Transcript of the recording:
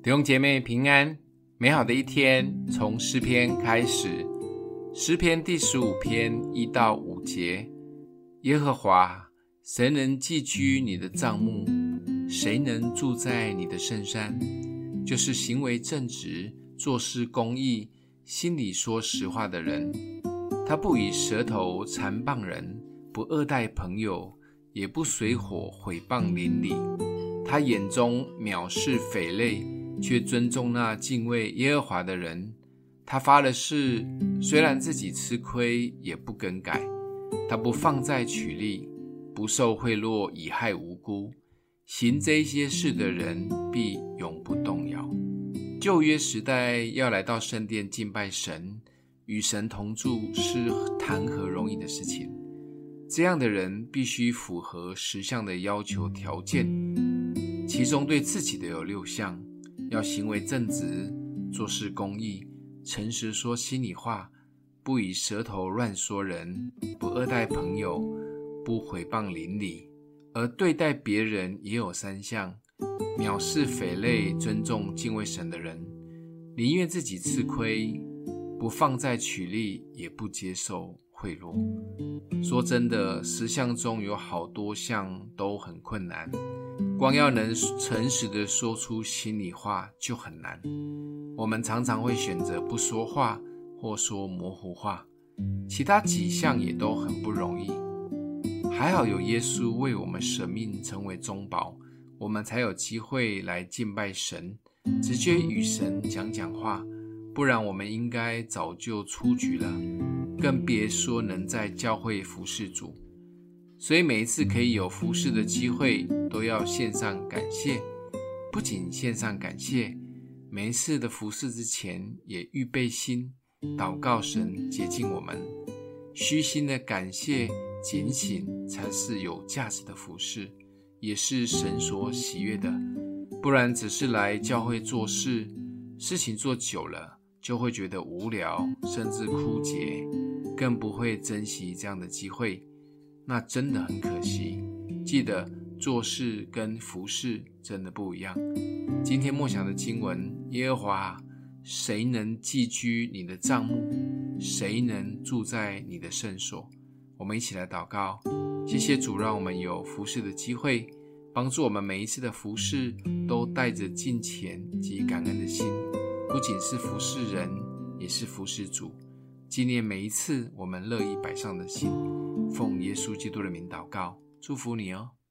弟兄姐妹平安，美好的一天從詩篇開始。詩篇第十五篇一到五節：耶和華，誰能寄居你的帳幕？誰能住在你的聖山？就是行為正直、做事公義、心裡說實話的人。他不以舌頭讒謗人，不惡待朋友，也不隨夥毀謗鄰里。他眼中藐視匪類。卻尊重那敬畏耶和華的人，他發了誓，雖然自己吃虧，也不更改。他不放債取利，不受賄賂以害無辜。行這些事的人，必永不動搖。舊約時代要來到聖殿敬拜神，與神同住，是談何容易的事情。這樣的人必須符合十項的要求條件，其中對自己的有六項。要行為正直，做事公義，誠實說心裡話，不以舌頭亂說人，不惡待朋友，不毀謗鄰里。而對待別人也有三項：藐視匪類，尊重敬畏神的人，寧願自己吃虧，不放債取利，也不接受，賄賂。說真的，十項中有好多項都很困難，光要能誠實地說出心裡話就很難。我們常常會選擇不說話或說模糊話。其他幾項也都很不容易。還好有耶穌為我們捨命成為中保，我們才有機會來敬拜神，直接與神講講話。不然，我們應該早就出局了。更別說能在教會服事主，所以每一次可以有服事的機會，都要獻上感謝。不僅獻上感謝，每一次的服事之前也預備心，禱告神潔淨我們，虛心的感謝、儆醒才是有價值的服事，也是神所喜悅的。不然，只是來教會做事，事情做久了就會覺得無聊，甚至枯竭。更不會珍惜這樣的機會，那真的很可惜。記得做事跟服事真的不一樣。今天默想的經文：耶和華，誰能寄居你的帳幕，誰能住在你的聖所？我們一起來禱告。謝謝主，讓我們有服事的機會，幫助我們每一次的服事都帶着敬虔及感恩的心。不僅是服事人，也是服事主。紀念每一次我們樂意擺上的心，奉耶穌基督的名禱告，祝福你哦。